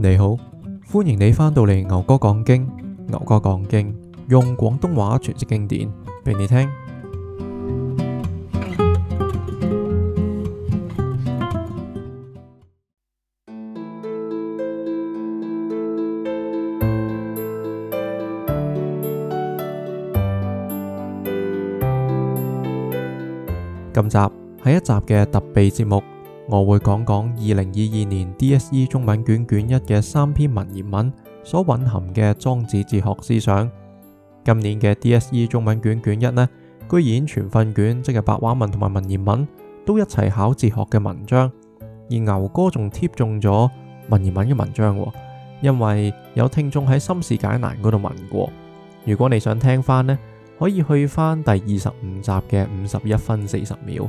你好，歡迎你翻到嚟牛哥講經。牛哥講經，用廣東話詮釋經典畀你聽。今集係一集嘅特備節目。我會講講二零二二年 DSE 中文卷卷一嘅三篇文言文所蘊含嘅莊子哲學思想。今年嘅 DSE 中文卷卷一呢，居然全份卷即係白話文同埋文言文都一齊考哲學嘅文章，而牛哥仲貼中咗文言文嘅文章。因為有聽眾喺心事解難嗰度問過，如果你想聽翻呢，可以去翻第二十五集嘅五十一分四十秒。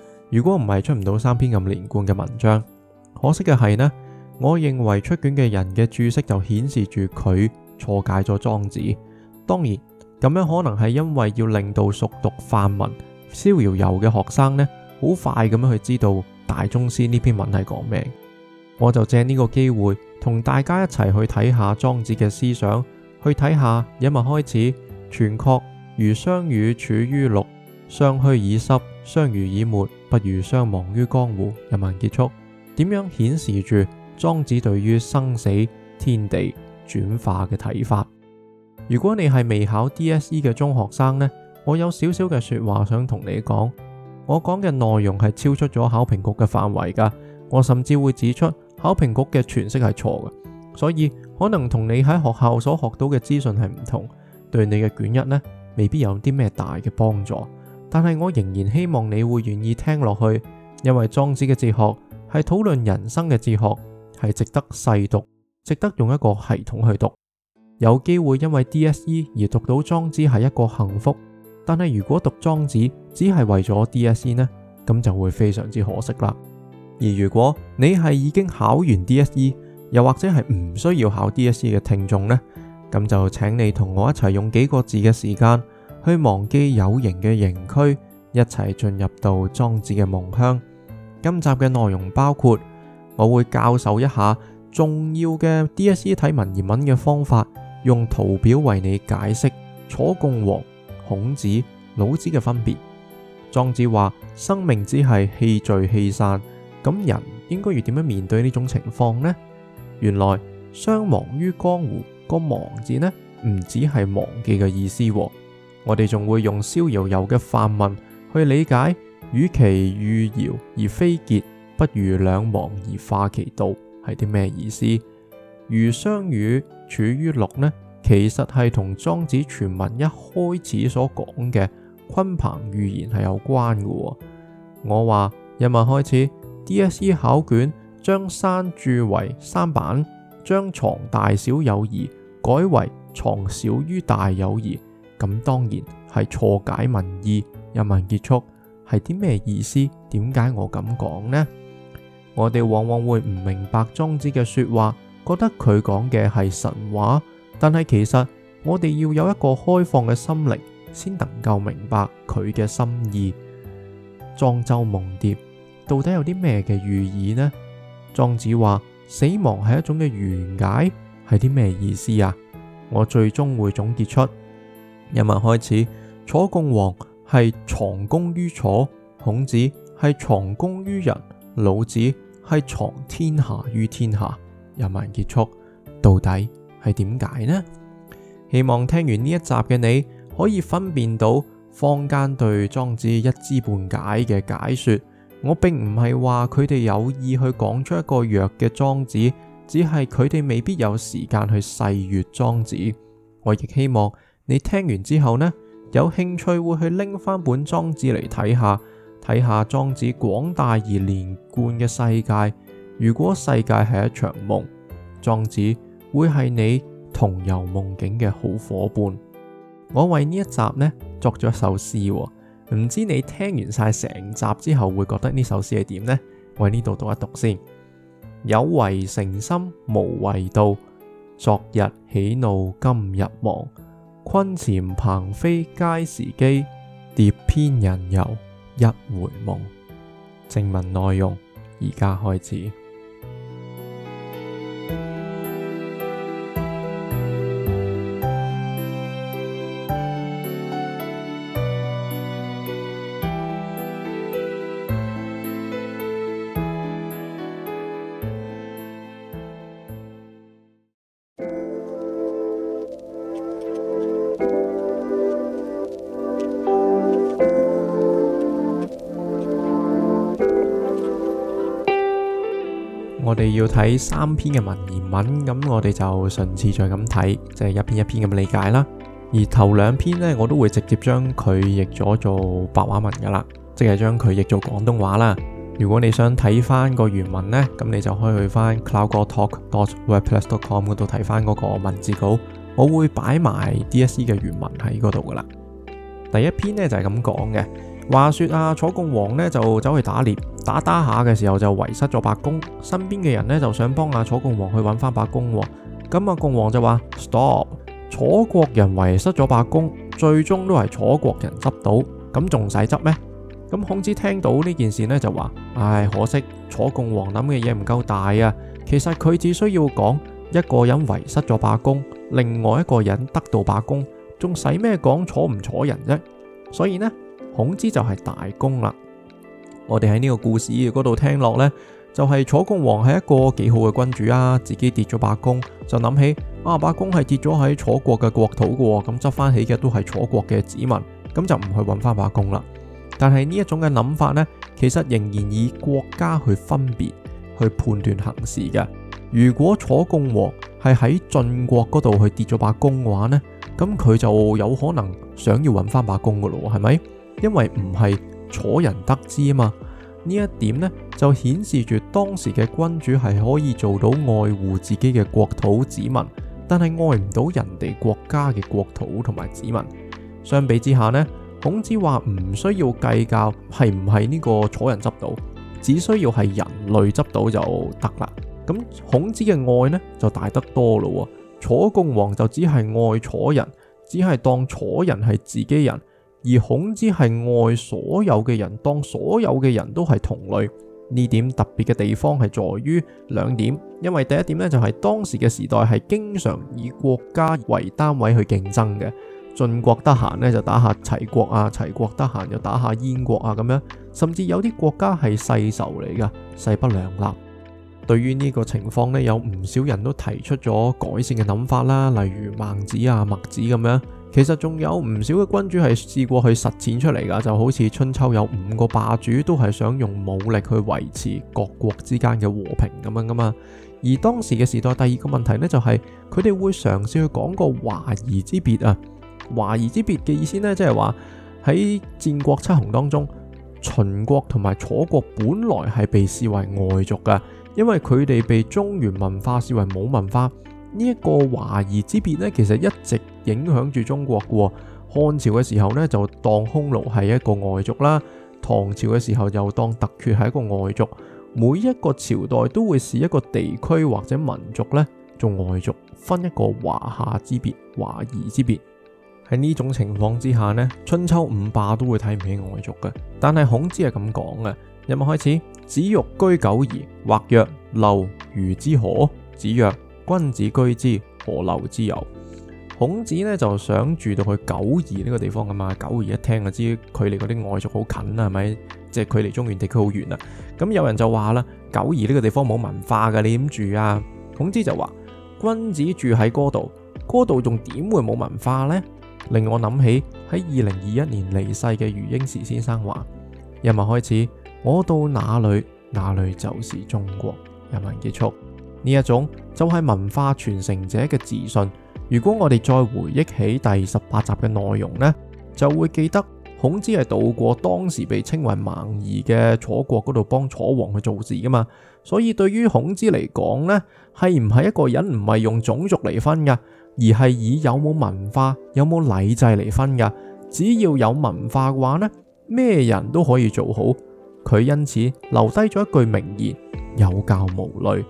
如果唔係，出唔到三篇咁連貫嘅文章，可惜嘅係呢，我認為出卷嘅人嘅註釋就顯示住佢錯解咗莊子。當然咁樣可能係因為要令到熟讀範文《逍遙遊》嘅學生呢，好快咁樣去知道大宗師呢篇文係講咩。我就借呢個機會同大家一齊去睇下莊子嘅思想，去睇下。今日開始，泉涸，魚相與處於陸，相呴以溼，相濡以沫，不如相忘於江湖，人民結束點樣顯示住莊子對於生死、天地轉化嘅睇法？如果你係未考 DSE 嘅中學生呢，我有少少嘅說話想同你講。我講嘅內容係超出咗考評局嘅範圍噶，我甚至會指出考評局嘅詮釋係錯嘅，所以可能同你喺學校所學到嘅資訊係唔同，對你嘅卷一呢，未必有啲咩大嘅幫助。但係我仍然希望你會願意聽落去，因為莊子嘅哲學係討論人生嘅哲學，係值得細讀，值得用一個系統去讀。有機會因為 DSE 而讀到莊子係一個幸福，但係如果讀莊子只係為咗 DSE 呢，咁就會非常之可惜啦。而如果你係已經考完 DSE，又或者係唔需要考 DSE 嘅聽眾呢，咁就請你同我一齊用幾個字嘅時間。去忘記有形嘅形驅，一齊進入到莊子嘅夢鄉。今集嘅內容包括我會教授一下重要嘅 DSE 睇文言文嘅方法，用圖表為你解釋楚共王、孔子、老子嘅分別。莊子話：生命只係氣聚氣散，咁人應該要點樣面對呢種情況呢？原來相忘於江湖，個「忘」字呢唔只係忘記嘅意思。我哋仲會用逍遙遊嘅範文去理解，與其譽堯而非桀，不如兩忘而化其道，係啲咩意思？魚相與處於陸呢，其實係同莊子全文一開始所講嘅鯤鵬寓言係有關嘅。我話一問開始，DSE 考卷將山注為舢板，將藏大小有宜改為藏小於大有宜，咁當然係錯解文意。人民結束係啲咩意思？點解我咁講呢？我哋往往會唔明白莊子嘅說話，覺得佢講嘅係神話。但係其實我哋要有一個開放嘅心靈，先能夠明白佢嘅深意。莊周夢蝶到底有啲咩嘅寓意呢？莊子話死亡係一種嘅懸解，係啲咩意思啊？我最終會總結出。一文開始，楚共王係藏弓於楚，孔子係藏弓於人，老子係藏天下於天下。一文結束，到底係點解呢？希望聽完呢一集嘅你可以分辨到坊間對莊子一知半解嘅解說。我並唔係話佢哋有意去講出一個弱嘅莊子，只係佢哋未必有時間去細閱莊子。我亦希望。你聽完之後呢，有興趣會去拎翻本莊子嚟睇下，睇下莊子廣大而連貫嘅世界。如果世界係一場夢，莊子會係你同遊夢境嘅好夥伴。我為呢一集呢作咗一首詩喎，唔知你聽完晒成集之後會覺得呢首詩係點呢？我喺呢度讀一讀先。有為成心，無為道。昨日喜怒，今日忘。鯤潛鵬飛皆時機，蝶翩人遊一回夢。正文內容，而家開始。睇三篇嘅文言文，咁我哋就順次再咁睇，即係一篇一篇咁理解啦。而頭兩篇呢，我都會直接將佢譯咗做白話文噶啦，即係將佢譯做廣東話啦。如果你想睇翻個原文呢，咁你就可以去翻 cowgortalk.wordpress.com 嗰度睇翻嗰個文字稿，我會擺埋 DSE 嘅原文喺嗰度噶啦。第一篇呢就係咁講嘅，話說啊，楚共王呢就走去打獵。打打下嘅時候就圍失遺失咗把弓，身邊嘅人呢就想幫阿楚共王去搵翻把弓，咁阿共王就話 stop，楚國人遺失咗把弓，最終都係楚國人執到，咁仲使執咩？咁孔子聽到呢件事呢就話，唉，可惜楚共王諗嘅嘢唔夠大啊，其實佢只需要講一個人遺失咗把弓，另外一個人得到把弓，仲使咩講楚唔楚人啫？所以呢，孔子就係大公啦。我哋喺呢個故事嗰度聽落咧，就係楚共王係一個幾好嘅君主啊，自己跌咗把弓，就諗起啊，把弓係跌咗喺楚國嘅國土噶，咁執翻起嘅都係楚國嘅子民，咁就唔去搵翻把弓啦。但係呢一種嘅諗法咧，其實仍然以國家去分別去判斷行事嘅。如果楚共王係喺晉國嗰度去跌咗把弓嘅話咧，咁佢就有可能想要搵翻把弓噶咯，係咪？因為唔係。楚人得之啊嘛，呢一點呢就顯示住當時嘅君主係可以做到愛護自己嘅國土子民，但係愛唔到人哋國家嘅國土同埋子民。相比之下呢，孔子話唔需要計較係唔係呢個楚人執到，只需要係人類執到就得啦。咁孔子嘅愛呢就大得多咯。楚共王就只係愛楚人，只係當楚人係自己人。而孔子係愛所有嘅人，當所有嘅人都係同類，呢點特別嘅地方係在於兩點。因為第一點呢，就係當時嘅時代係經常以國家為單位去競爭嘅，晉國得閒呢，就打下齊國啊，齊國得閒就打下燕國啊，咁樣，甚至有啲國家係世仇嚟㗎，勢不兩立。對於呢個情況呢，有唔少人都提出咗改善嘅諗法啦，例如孟子啊、墨子咁樣啊。其實仲有唔少嘅君主係試過去實踐出嚟噶，就好似春秋有五個霸主都係想用武力去維持各國之間嘅和平咁樣噶嘛。而當時嘅時代，第二個問題呢，就係佢哋會嘗試去講個華夷之別啊。華夷之別嘅意思呢，即係話喺戰國七雄當中，秦國同埋楚國本來係被視為外族噶，因為佢哋被中原文化視為冇文化。呢一個華夷之別呢，其實一直。影響住中國嘅喎，漢朝嘅時候呢，就當匈奴係一個外族啦，唐朝嘅時候又當突厥係一個外族。每一個朝代都會視一個地區或者民族呢，做外族，分一個華夏之別、華夷之別。喺呢種情況之下呢，春秋五霸都會睇唔起外族嘅。但係孔子係咁講嘅。入面開始，子欲居九夷，或曰，陋如之何？子曰：君子居之，何陋之有？孔子呢就想住到去九夷呢個地方㗎嘛，九夷一聽就知佢離嗰啲外族好近啊，係咪？即係佢離中原地區好遠啊。咁有人就話啦，九夷呢個地方冇文化㗎，你點住啊？孔子就話：君子住喺嗰度，嗰度仲點會冇文化咧？令我諗起喺二零二一年離世嘅余英時先生話：人民開始，我到哪裡，哪裡就是中國。人民結束呢一種就係文化傳承者嘅自信。如果我哋再回憶起第十八集嘅內容呢，就會記得孔子係到過當時被稱為蠻夷嘅楚國嗰度幫楚王去做事噶嘛，所以對於孔子嚟講呢，係唔係一個人唔係用種族嚟分噶，而係以有冇文化、有冇禮制嚟分噶。只要有文化嘅話呢，咩人都可以做好。佢因此留低咗一句名言：有教無類。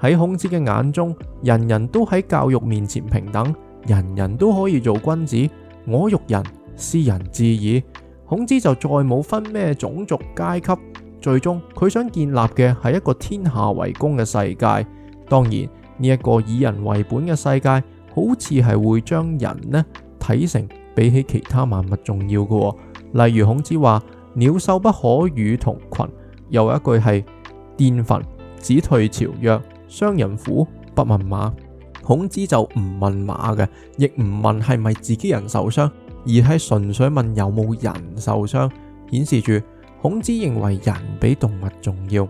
喺孔子嘅眼中，人人都喺教育面前平等，人人都可以做君子。我欲仁，斯仁至矣。孔子就再冇分咩種族階級。最終佢想建立嘅係一個天下為公嘅世界。當然呢一個以人為本嘅世界，好似係會將人呢睇成比起其他萬物重要嘅。例如孔子話：鳥獸不可與同群。又一句係：廄焚，子退朝，曰。傷人乎，不問馬。孔子就唔問馬嘅，亦唔問係咪自己人受傷，而係純粹問有冇人受傷，顯示住孔子認為人比動物重要。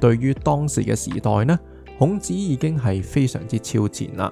對於當時嘅時代呢，孔子已經係非常之超前啦。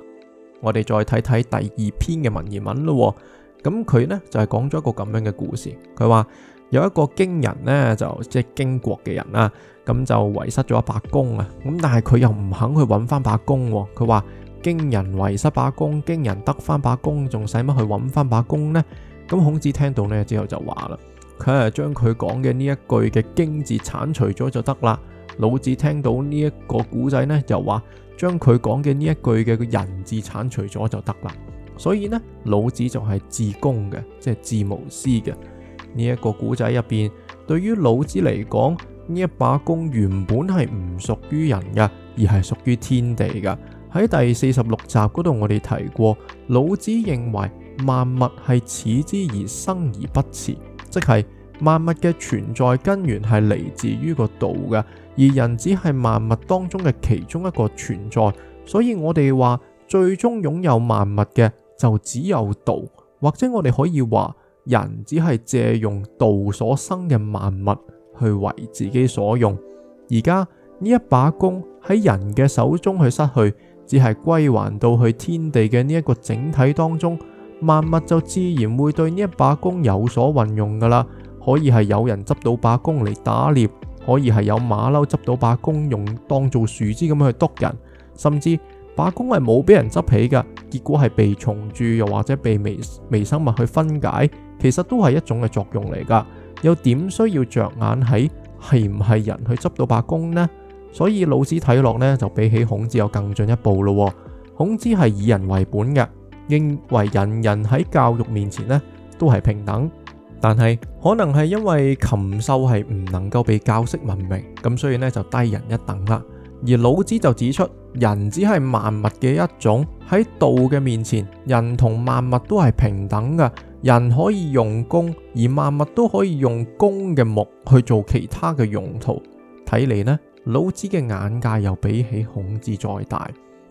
我哋再睇睇第二篇嘅文言文咯，咁佢呢就係講咗一個咁樣嘅故事，佢話。有一個荊人呢，就即係荊國嘅人啊，咁就遺失咗一把弓啊！咁但係佢又唔肯去揾翻把弓，佢話荊人遺失把弓，荊人得翻把弓，仲使乜去揾翻把弓呢？咁孔子聽到呢之後就話啦，佢係將佢講嘅呢一句嘅荊字鏟除咗就得啦。老子聽到呢一個古仔呢，就話將佢講嘅呢一句嘅人字鏟除咗就得啦。所以呢，老子就係至公嘅，即係至無私嘅。呢一個古仔入邊，對於老子嚟講，呢一把弓原本係唔屬於人㗎，而係屬於天地㗎。喺第四十六集嗰度，我哋提過，老子認為萬物係恃之而生而不辭，即係萬物嘅存在根源係嚟自於個道㗎，而人只係萬物當中嘅其中一個存在。所以我哋話，最終擁有萬物嘅就只有道，或者我哋可以話。人只係借用道所生嘅萬物去為自己所用，而家呢一把弓喺人嘅手中去失去，只係歸還到去天地嘅呢一個整體當中，萬物就自然會對呢一把弓有所運用噶啦。可以係有人執到把弓嚟打獵，可以係有馬騮執到把弓用當做樹枝咁樣去督人，甚至把弓係冇俾人執起噶，結果係被蟲蛀又或者被微微生物去分解。其實都係一種嘅作用嚟噶，又點需要着眼喺係唔係人去執到把弓呢？所以老子睇落呢就比起孔子有更進一步咯。孔子係以人為本嘅，認為人人喺教育面前呢都係平等，但係可能係因為禽獸係唔能夠被教識文明咁，所以呢就低人一等啦。而老子就指出，人只係萬物嘅一種，喺道嘅面前，人同萬物都係平等嘅。人可以用弓，而萬物都可以用弓嘅木去做其他嘅用途。睇嚟呢，老子嘅眼界又比起孔子再大。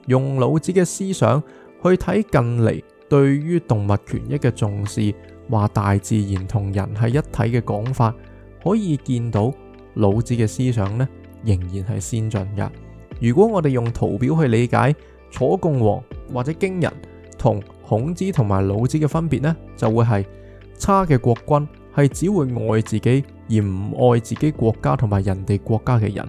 用老子嘅思想去睇近嚟對於動物權益嘅重視，話大自然同人係一體嘅講法，可以見到老子嘅思想呢仍然係先進噶。如果我哋用圖表去理解楚共王或者荊人同孔子同埋老子嘅分別呢，就會係差嘅國君係只會愛自己而唔愛自己國家同埋人哋國家嘅人，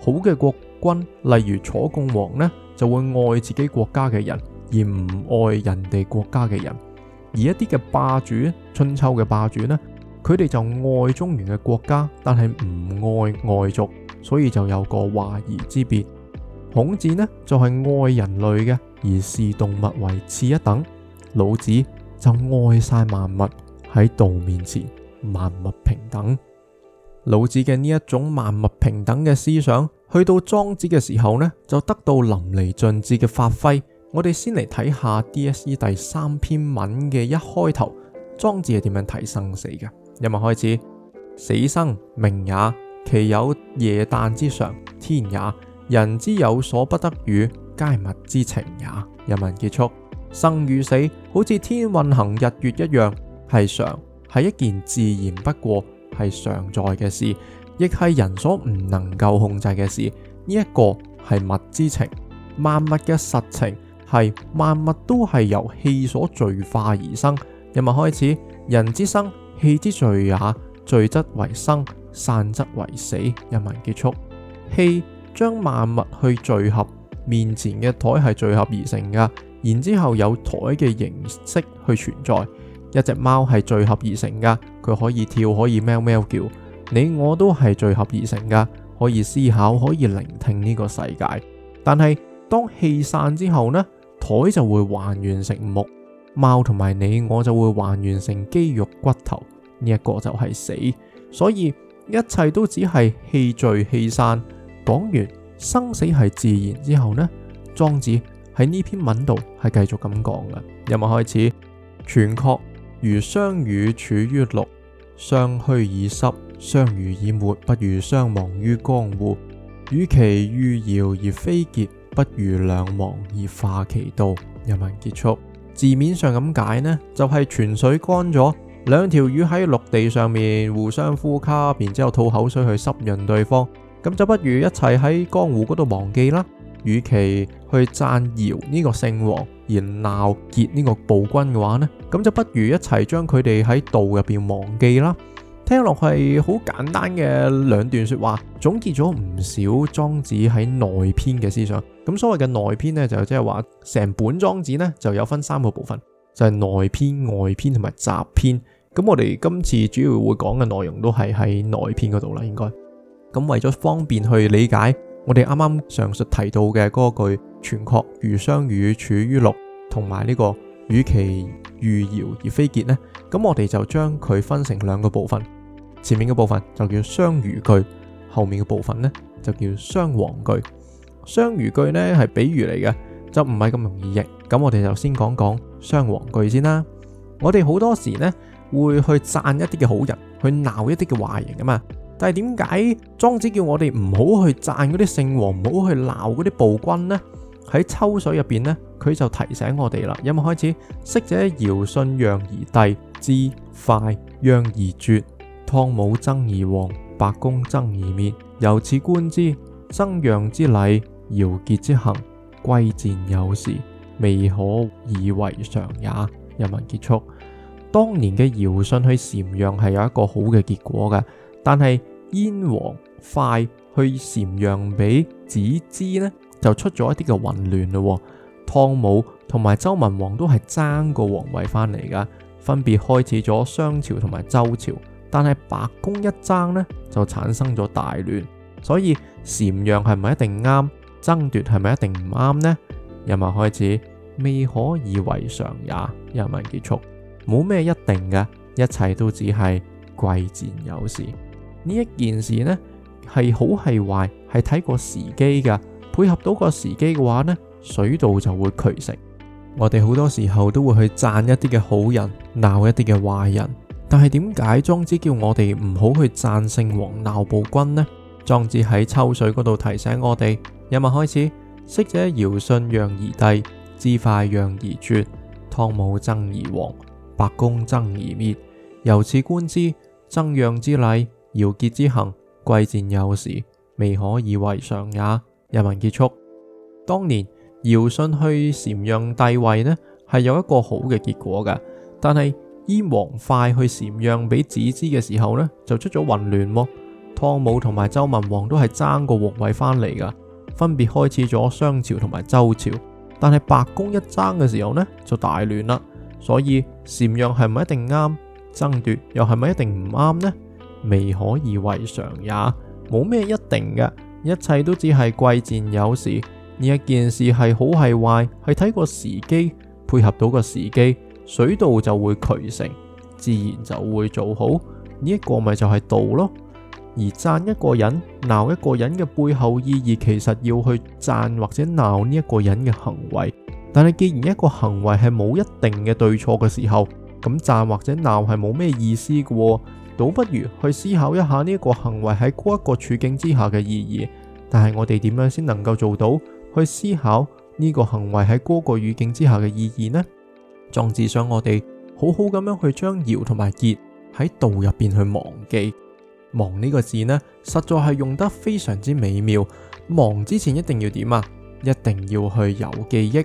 好嘅國君，例如楚共王呢，就會愛自己國家嘅人而唔愛人哋國家嘅人。而一啲嘅霸主，春秋嘅霸主呢，佢哋就愛中原嘅國家，但係唔愛外族，所以就有個華夷之別。孔子呢就係愛人類嘅，而視動物為次一等。老子就愛晒萬物，喺道面前，萬物平等。老子嘅呢一種萬物平等嘅思想，去到莊子嘅時候呢，就得到淋漓盡致嘅發揮。我哋先嚟睇下 DSE 第三篇文嘅一開頭，莊子係點樣睇生死嘅？一文開始，死生，命也；其有夜旦之常，天也。人之有所不得與，皆物之情也。一文結束。生與死好似天運行日月一樣，係常係一件自然不過係常在嘅事，亦係人所唔能夠控制嘅事。呢、這、一個係物之情，萬物嘅實情係萬物都係由氣所聚化而生。一文開始，人之生，氣之聚也；聚則為生，散則為死。一文結束，氣將萬物去聚合，面前嘅枱係聚合而成㗎。然之後有台嘅形式去存在，一隻貓係聚合而成噶，佢可以跳，可以喵喵叫。你我都係聚合而成噶，可以思考，可以聆聽呢個世界。但係當氣散之後呢，台就會還原成木，貓同埋你我就會還原成肌肉骨頭。呢、這、一個就係死，所以一切都只係氣聚氣散。講完生死係自然之後呢，莊子。喺呢篇文度係繼續咁講啦。有文開始，泉涸，魚相與處於陸，相呴以濕，相濡以沫，不如相忘於江湖。與其譽堯而非桀，不如兩忘而化其道。有文結束，字面上咁解呢，就係泉水乾咗，兩條魚喺陸地上面互相呼吸，然之後吐口水去濕潤對方，咁就不如一齊喺江湖嗰度忘記啦。與其去讚堯呢個聖王而鬧桀呢個暴君嘅話咧，咁就不如一齊將佢哋喺道入邊忘記啦。聽落係好簡單嘅兩段説話，總結咗唔少莊子喺內篇嘅思想。咁所謂嘅內篇咧，就即係話成本莊子咧就有分三個部分，就係內篇、外篇同埋雜篇。咁我哋今次主要會講嘅內容都係喺內篇嗰度啦，應該。咁為咗方便去理解。我哋啱啱上述提到嘅嗰句“泉涸，魚相與處於陸，同埋呢個“與其譽堯而非桀”呢，咁我哋就將佢分成兩個部分。前面嘅部分就叫雙喻句，後面嘅部分呢就叫雙黃句。雙喻句呢係比喻嚟嘅，就唔係咁容易譯。咁我哋就先講講雙黃句先啦。我哋好多時呢會去讚一啲嘅好人，去鬧一啲嘅壞人啊嘛。但係點解莊子叫我哋唔好去讚嗰啲聖王，唔好去鬧嗰啲暴君呢？喺秋水入邊呢，佢就提醒我哋啦。有冇開始？昔者堯舜讓而帝，之快讓而絕，湯武爭而王，白公爭而滅。由此觀之，爭讓之禮，堯桀之行，貴賤有時，未可以為常也。人民結束？當年嘅堯舜去禪讓係有一個好嘅結果嘅。但係燕王快去禪讓，畀子之呢就出咗一啲嘅混亂咯、哦。湯武同埋周文王都係爭個皇位翻嚟噶，分別開始咗商朝同埋周朝。但係白公一爭呢就產生咗大亂，所以禪讓係咪一定啱？爭奪係咪一定唔啱呢？一文開始未可以為常也，一文結束冇咩一定嘅，一切都只係貴賤有時。呢一件事呢，係好係壞，係睇個時機噶。配合到個時機嘅話呢，水到就會渠成。我哋好多時候都會去讚一啲嘅好人，鬧一啲嘅壞人。但係點解莊子叫我哋唔好去讚聖王鬧暴君呢？莊子喺秋水嗰度提醒我哋：今日開始，昔 者堯舜讓而帝，之噲讓而絕，湯武爭而王，白公爭而滅。由此觀之，爭讓之禮。堯桀之行，貴賤有時，未可以為常也。引文結束，當年堯舜去禪讓帝位呢，係有一個好嘅結果嘅。但係燕王噲去禪讓俾子之嘅時候呢，就出咗混亂啊。湯武同埋周文王都係爭個皇位返嚟㗎，分別開始咗商朝同埋周朝。但係白公一爭嘅時候呢，就大亂啦。所以禪讓係咪一定啱？爭奪又係咪一定唔啱呢？未可以為常也，冇咩一定嘅，一切都只係貴賤有時。呢一件事係好係壞，係睇個時機配合到個時機，水道就會渠成，自然就會做好。呢一個咪就係道咯。而讚一個人、鬧一個人嘅背後意義，其實要去讚或者鬧呢一個人嘅行為。但係既然一個行為係冇一定嘅對錯嘅時候，咁讚或者鬧係冇咩意思噶。倒不如去思考一下呢一個行為喺嗰一個處境之下嘅意義，但係我哋點樣先能夠做到去思考呢個行為喺嗰個語境之下嘅意義呢？莊子想我哋好好咁樣去將堯同埋桀喺道入邊去忘記。忘呢個字呢，實在係用得非常之美妙。忘之前一定要點啊？一定要去有記憶。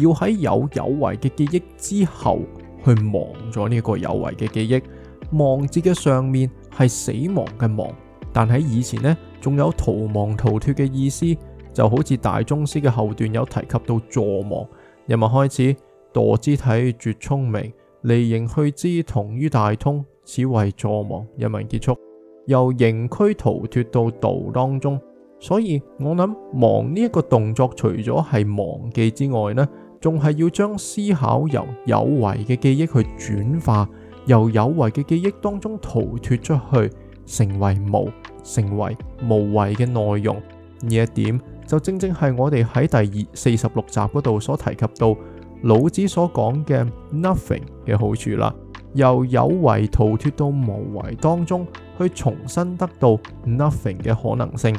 要喺有有為嘅記憶之後，去忘咗呢個有為嘅記憶。忘字嘅上面係死亡嘅亡，但喺以前呢，仲有逃亡逃脱嘅意思。就好似大宗師嘅後段有提及到坐忘，引文開始墮肢體絕聰明，離形去知，同於大通，此為坐忘。引文結束，由形軀逃脱到道當中。所以我諗忘呢一個動作，除咗係忘記之外呢。仲係要將思考由有為嘅記憶去轉化，由有為嘅記憶當中逃脫出去，成為無，成為無為嘅內容。呢一點就正正係我哋喺第二四十六集嗰度所提及到老子所講嘅 nothing 嘅好處啦。由有為逃脫到無為當中，去重新得到 nothing 嘅可能性。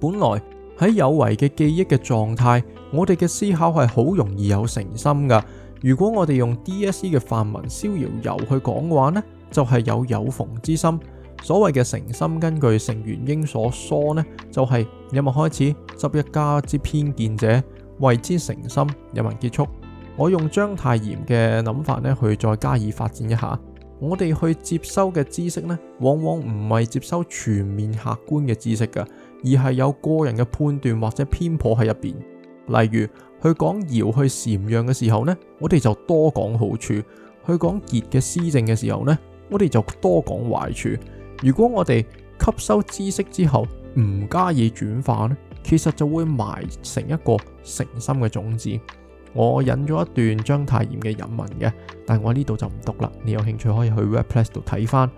本來。喺有為嘅記憶嘅狀態，我哋嘅思考係好容易有成心嘅。如果我哋用 DSE 嘅範文《逍遙遊》去講嘅話呢，就係、是、有有蓬之心。所謂嘅成心，根據成玄英所疏呢，就係引文開始執一家之偏見者為之成心。引文結束，我用章太炎嘅諗法呢去再加以發展一下。我哋去接收嘅知識呢，往往唔係接收全面客觀嘅知識嘅。而係有個人嘅判斷或者偏頗喺入邊，例如去講堯去禪讓嘅時候呢，我哋就多講好處；去講桀嘅施政嘅時候呢，我哋就多講壞處。如果我哋吸收知識之後唔加以轉化呢，其實就會埋成一個成心嘅種子。我引咗一段章太炎嘅引文嘅，但我呢度就唔讀啦。你有興趣可以去 WordPress 度睇返，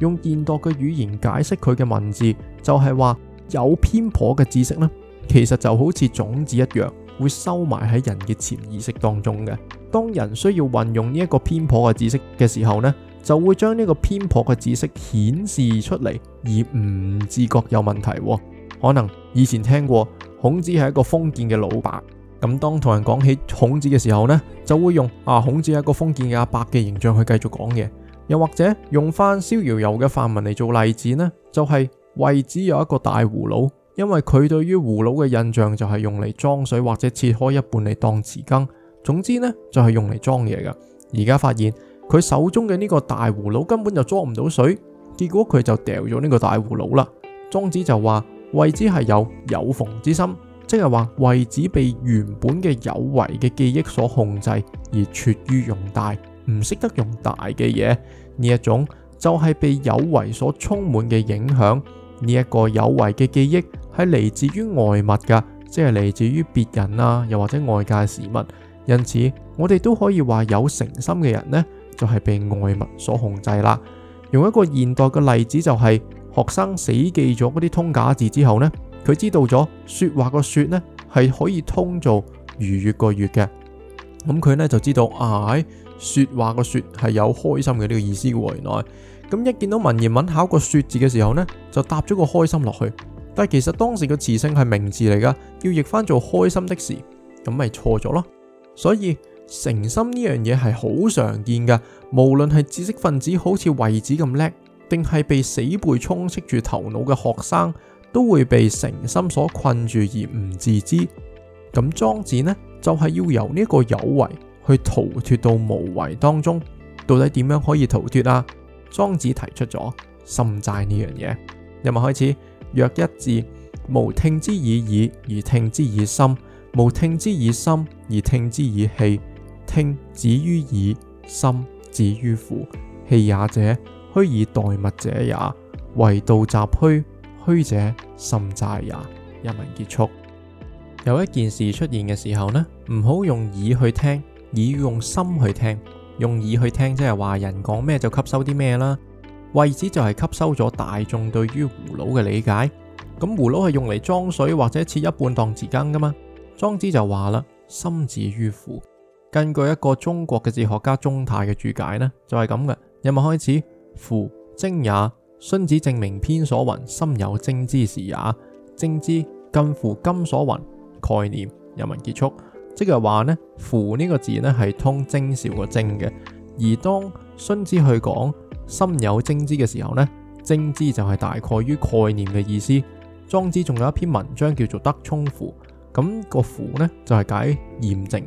用現代嘅語言解釋佢嘅文字，就係話。有偏頗嘅知識呢，其實就好似種子一樣，會收埋喺人嘅潛意識當中嘅。當人需要運用呢一個偏頗嘅知識嘅時候呢，就會將呢個偏頗嘅知識顯示出嚟，而唔自覺有問題喎。可能以前聽過孔子係一個封建嘅老伯，咁當同人講起孔子嘅時候呢，就會用啊孔子係一個封建嘅阿伯嘅形象去繼續講嘢，又或者用翻《逍遙遊》嘅範文嚟做例子呢，就係。惠子有一個大葫蘆，因為佢對於葫蘆嘅印象就係用嚟裝水或者切開一半嚟當匙羹，總之呢就係、是、用嚟裝嘢噶。而家發現佢手中嘅呢個大葫蘆根本就裝唔到水，結果佢就掉咗呢個大葫蘆啦。莊子就話惠子係有有蓬之心，即係話惠子被原本嘅有為嘅記憶所控制而拙於用大，唔識得用大嘅嘢呢一種就係被有為所充滿嘅影響。呢一個有為嘅記憶係嚟自於外物㗎，即係嚟自於別人啊，又或者外界事物。因此，我哋都可以話有成心嘅人呢，就係、是、被外物所控制啦。用一個現代嘅例子、就是，就係學生死記咗嗰啲通假字之後呢，佢知道咗說話個說呢係可以通做愉悅個悅嘅。咁佢呢就知道唉、哎，說話個說係有開心嘅呢、這個意思嘅、啊、內咁一見到文言文考個說字嘅時候呢，就搭咗個開心落去。但其實當時個詞性係名字嚟噶，要譯翻做開心的事，咁咪錯咗咯。所以成心呢樣嘢係好常見噶，無論係知識分子好似惠子咁叻，定係被死背充斥住頭腦嘅學生，都會被成心所困住而唔自知。咁莊子呢就係、是、要由呢一個有為去逃脫到無為當中，到底點樣可以逃脫啊？莊子提出咗心齋呢樣嘢，一文開始，若一字無聽之以耳而聽之以心，無聽之以心而聽之以氣，聽止於耳，心止於乎，氣也者，虛以待物者也，唯道集虛，虛者心齋也。一文結束，有一件事出現嘅時候呢，唔好用耳去聽，而要用心去聽。用耳去聽，即係話人講咩就吸收啲咩啦。惠子就係吸收咗大眾對於葫蘆嘅理解。咁葫蘆係用嚟裝水或者切一半當匙羹噶嘛？莊子就話啦：心止於符。根據一個中國嘅哲學家鍾泰嘅注解呢，就係咁嘅。人民開始符，徵也。荀子正名篇所云：心有徵知是也。徵知近乎今所云概念。人民結束。即係話呢，符呢個字呢係通徵兆個徵嘅，而當荀子去講心有徵知」嘅時候呢，徵知就係大概於概念嘅意思。莊子仲有一篇文章叫做《德充符》那，咁個符呢就係解驗證，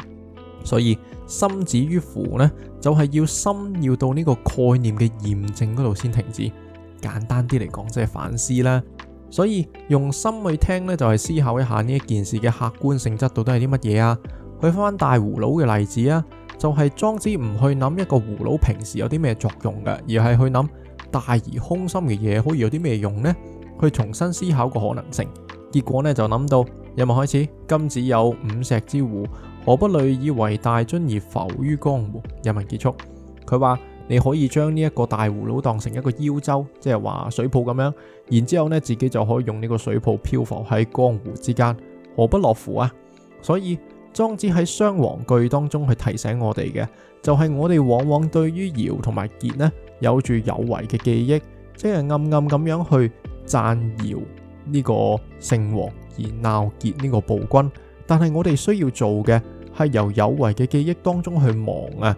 所以心止於符呢，就係、是就是、要心要到呢個概念嘅驗證嗰度先停止。簡單啲嚟講，即、就、係、是、反思啦。所以用心去聽呢，就係、是、思考一下呢一件事嘅客觀性質到底係啲乜嘢啊？去返大葫蘆嘅例子啊，就係莊子唔去諗一個葫蘆平時有啲咩作用嘅，而係去諗大而空心嘅嘢，可以有啲咩用呢？去重新思考個可能性。結果呢，就諗到，引文開始，今子有五石之瓠，何不慮以為大樽而浮於江湖。引文結束，佢話。你可以將呢一個大葫蘆當成一個腰舟，即係話水泡咁樣，然之後呢，自己就可以用呢個水泡漂浮喺江湖之間，何不樂乎啊？所以莊子喺《雙王句》當中去提醒我哋嘅，就係、是、我哋往往對於堯同埋桀呢，有住有為嘅記憶，即係暗暗咁樣去讚堯呢個聖王而鬧桀呢個暴君。但係我哋需要做嘅係由有為嘅記憶當中去忘啊！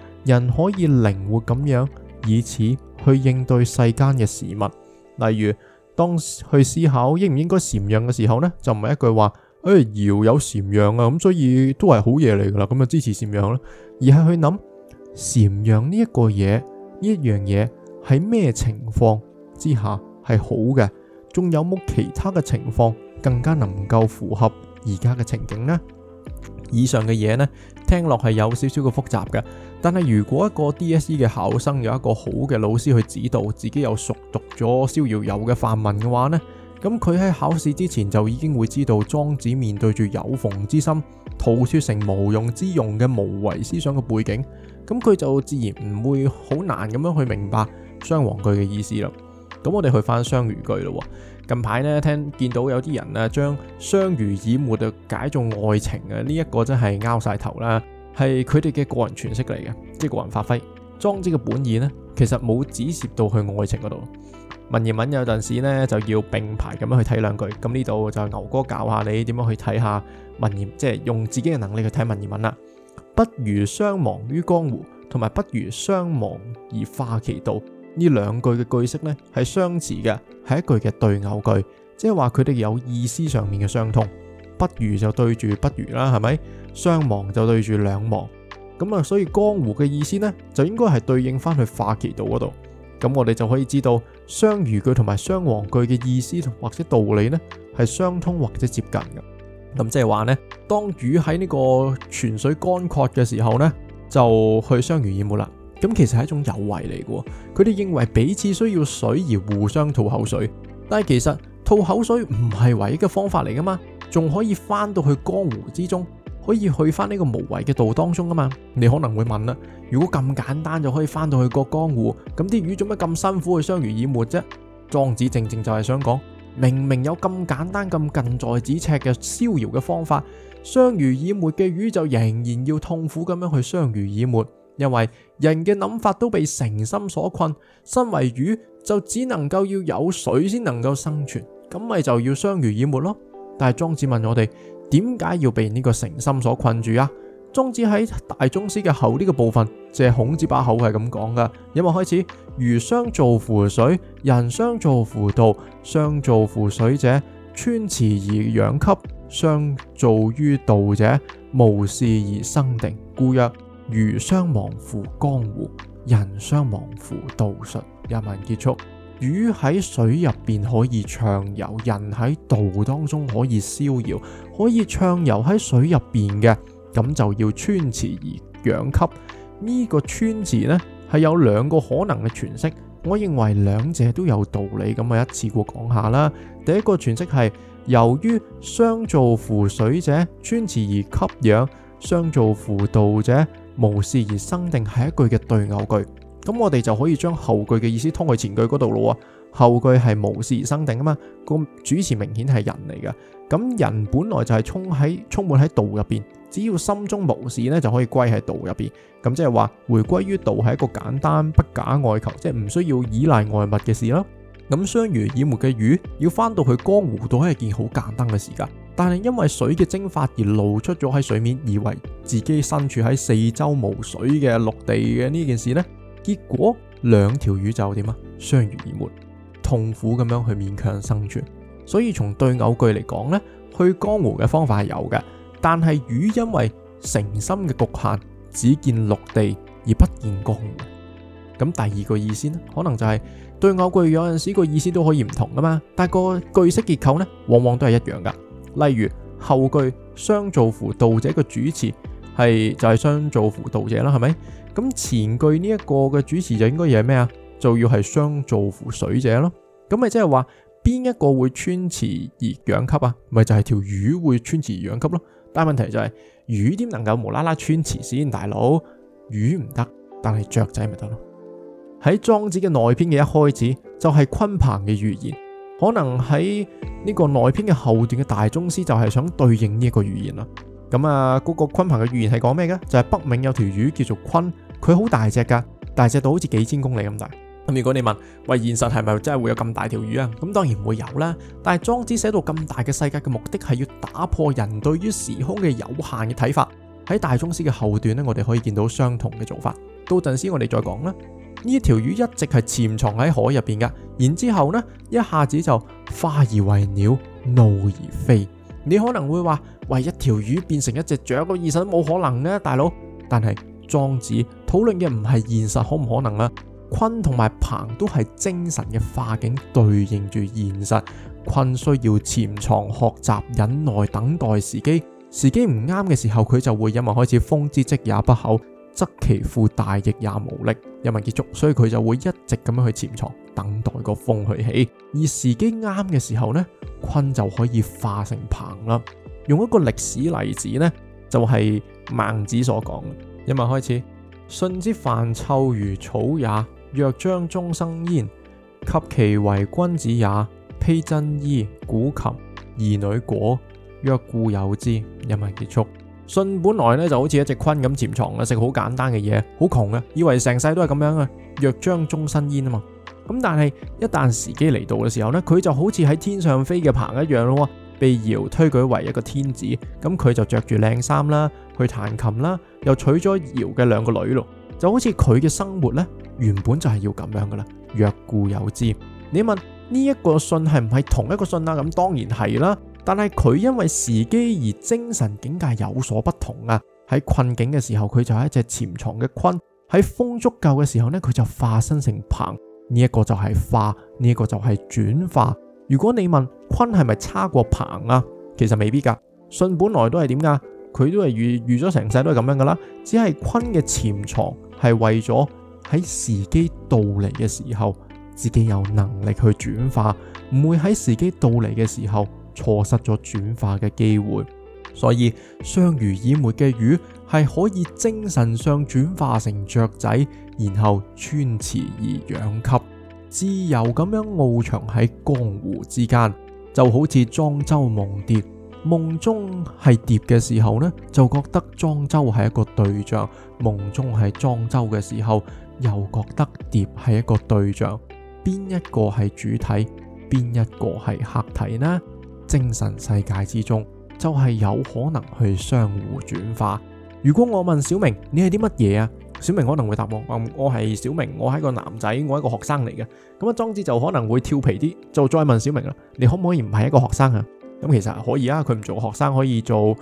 人可以靈活咁樣以此去應對世間嘅事物，例如當去思考應唔應該禪讓嘅時候呢，就唔係一句話，誒、哎，堯有禪讓啊，咁所以都係好嘢，嚟㗎喇，咁啊支持禪讓啦，而係去諗禪讓呢一個嘢，呢一樣嘢喺咩情況之下係好嘅，仲有冇其他嘅情況更加能夠符合而家嘅情景呢？以上嘅嘢呢，聽落係有少少嘅複雜嘅，但係如果一個 DSE 嘅考生有一個好嘅老師去指導，自己又熟讀咗《逍遙遊》嘅範文嘅話呢，咁佢喺考試之前就已經會知道莊子面對住有蓬之心，逃脱成無用之用嘅無為思想嘅背景，咁佢就自然唔會好難咁樣去明白雙王句嘅意思啦。咁我哋去翻雙魚句啦。近排咧，聽見到有啲人咧，將相濡以沫解做愛情啊，呢一個真係拗晒頭啦，係佢哋嘅個人詮釋嚟嘅，即係個人發揮。莊子嘅本意呢，其實冇指涉到去愛情嗰度。文言文有陣時呢，就要並排咁樣去睇兩句，咁呢度就牛哥教下你點樣去睇下文言，即係用自己嘅能力去睇文言文啦。不如相忘於江湖，同埋不如相忘而化其道。呢兩句嘅句式呢係相似嘅，係一句嘅對偶句，即係話佢哋有意思上面嘅相通。不如就對住不如啦，係咪？相忘就對住兩忘。咁啊，所以江湖嘅意思呢，就應該係對應翻去化其道嗰度。咁我哋就可以知道相濡句同埋相忘句嘅意思同或者道理呢，係相通或者接近嘅。咁即係話呢，當魚喺呢個泉水乾涸嘅時候呢，就去相濡以沫啦。咁其實係一種有為嚟嘅，佢哋認為彼此需要水而互相吐口水，但係其實吐口水唔係唯一嘅方法嚟噶嘛，仲可以翻到去江湖之中，可以去翻呢個無為嘅道當中噶嘛。你可能會問啦，如果咁簡單就可以翻到去個江湖，咁啲魚做乜咁辛苦去相濡以沫啫？莊子正正就係想講，明明有咁簡單咁近在咫尺嘅逍遙嘅方法，相濡以沫嘅魚就仍然要痛苦咁樣去相濡以沫。因為人嘅諗法都被成心所困，身為魚就只能夠要有水先能夠生存，咁咪就要相濡以沫咯。但係莊子問我哋，點解要被呢個成心所困住啊？莊子喺大宗師嘅後呢個部分，借孔子把口係咁講嘅。因為開始：魚相造乎水，人相造乎道。相造乎水者，穿池而養給；相造於道者，無事而生定故。故曰。魚相忘乎江湖，人相忘乎道術。一文結束，魚喺水入邊可以暢游，人喺道當中可以逍遙，可以暢游喺水入邊嘅咁就要穿池而養給。呢個、詞呢個穿字呢係有兩個可能嘅詮釋，我認為兩者都有道理，咁我一次過講下啦。第一個詮釋係由於相造乎水者穿池而吸氧，相造乎道者。無事而生定係一句嘅對偶句，咁我哋就可以將後句嘅意思通去前句嗰度咯。啊，後句係無事而生定啊嘛，咁主持明顯係人嚟噶，咁人本來就係充喺充滿喺道入邊，只要心中無事呢，就可以歸喺道入邊。咁即係話回歸於道係一個簡單不假外求，即係唔需要依賴外物嘅事啦。咁相濡以沫嘅魚要翻到去江湖度係件好簡單嘅事噶。但係因為水嘅蒸發而露出咗喺水面，以為自己身處喺四周無水嘅陸地嘅呢件事呢，結果兩條魚就點啊，相濡以沫，痛苦咁樣去勉強生存。所以從對偶句嚟講呢，去江湖嘅方法係有嘅，但係魚因為成心嘅局限，只見陸地而不見江湖。咁第二個意思呢，可能就係對偶句有陣時個意思都可以唔同噶嘛，但係個句式結構呢，往往都係一樣噶。例如後句相造乎道者嘅主詞，係就係相造乎道者啦，係咪？咁前句呢一個嘅主詞，就應該要係咩啊？就要係相造乎水者咯。咁咪即係話邊一個會穿池而養給啊？咪就係條魚會穿池而養給咯。但係問題就係、是、魚點能夠無啦啦穿池先？大佬魚唔得，但係雀仔咪得咯。喺莊子嘅內篇嘅一開始就係、是、鯤鵬嘅寓言。可能喺呢個內篇嘅後段嘅大宗師就係想對應呢一個寓言啦。咁啊，嗰個鯤鵬嘅寓言係講咩嘅？就係北冥有條魚叫做鯤，佢好大隻噶，大隻到好似幾千公里咁大。咁如果你問，喂，現實係咪真係會有咁大條魚啊？咁當然唔會有啦。但係莊子寫到咁大嘅世界嘅目的係要打破人對於時空嘅有限嘅睇法。喺大宗師嘅後段呢，我哋可以見到相同嘅做法。到陣時我哋再講啦。呢條魚一直係潛藏喺海入邊噶，然之後呢，一下子就化而為鳥，怒而飛。你可能會話：喂，一條魚變成一隻雀，意神冇可能呢、啊，大佬？但係莊子討論嘅唔係現實可唔可能啦、啊。鯤同埋鵬都係精神嘅化境，對應住現實。鯤需要潛藏、學習、忍耐、等待時機，時機唔啱嘅時候，佢就會因為開始風之積也不厚，則其負大翼也無力。引文結束，所以佢就會一直咁樣去潛藏，等待個風去起，而時機啱嘅時候呢，鯤就可以化成鵬啦。用一個歷史例子呢，就係、是、孟子所講嘅。引文開始，信之犯臭如草也，若將終生焉，及其為君子也，披真衣，鼓琴，二女果，若故有之。引文結束。舜本來咧就好似一隻鯤咁潛藏啦，食好簡單嘅嘢，好窮嘅，以為成世都係咁樣啊，若將終身焉啊嘛。咁但係一旦時機嚟到嘅時候呢，佢就好似喺天上飛嘅鵬一樣咯，被堯推舉為一個天子。咁佢就着住靚衫啦，去彈琴啦，又娶咗堯嘅兩個女咯，就好似佢嘅生活呢，原本就係要咁樣噶啦。若故有之，你問呢一、這個舜係唔係同一個舜啊？咁當然係啦。但係佢因為時機而精神境界有所不同啊。喺困境嘅時候，佢就係一隻潛藏嘅鯤；喺風足夠嘅時候呢，佢就化身成鵬。呢一個就係化，呢一個就係轉化。如果你問鯤係咪差過鵬啊？其實未必噶。信本來都係點噶，佢都係預預咗成世都係咁樣噶啦。只係鯤嘅潛藏係為咗喺時機到嚟嘅時候，自己有能力去轉化，唔會喺時機到嚟嘅時候。錯失咗轉化嘅機會，所以相濡以沫嘅魚係可以精神上轉化成雀仔，然後穿池而養給，自由咁樣翱翔喺江湖之間，就好似莊周夢蝶。夢中係蝶嘅時候呢，就覺得莊周係一個對象；夢中係莊周嘅時候，又覺得蝶係一個對象。邊一個係主體？邊一個係客體呢？精神世界之中就係有可能去相互轉化。如果我問小明，你係啲乜嘢啊？小明可能會答我：我我係小明，我係一個男仔，我係一個學生嚟嘅。咁啊，莊子就可能會調皮啲，就再問小明啦：你可唔可以唔係一個學生啊？咁其實可以啊，佢唔做學生可以做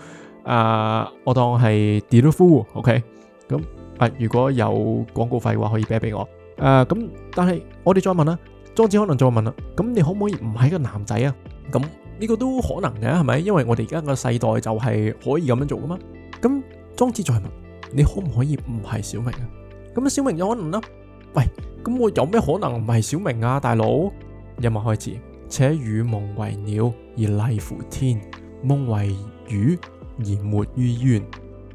啊，我當係 Deliveroo，ok 咁啊。如果有廣告費嘅話，可以俾一俾我誒。咁但係我哋再問啦，莊子可能再問啦：咁你可唔可以唔係一個男仔啊？咁呢個都可能嘅係咪？因為我哋而家個世代就係可以咁樣做噶嘛。咁莊子就係問你可唔可以唔係小明啊？咁小明有可能啦。喂，咁我有咩可能唔係小明啊？大佬，一幕開始，且汝夢為鳥而厲乎天，夢為魚而沒於淵，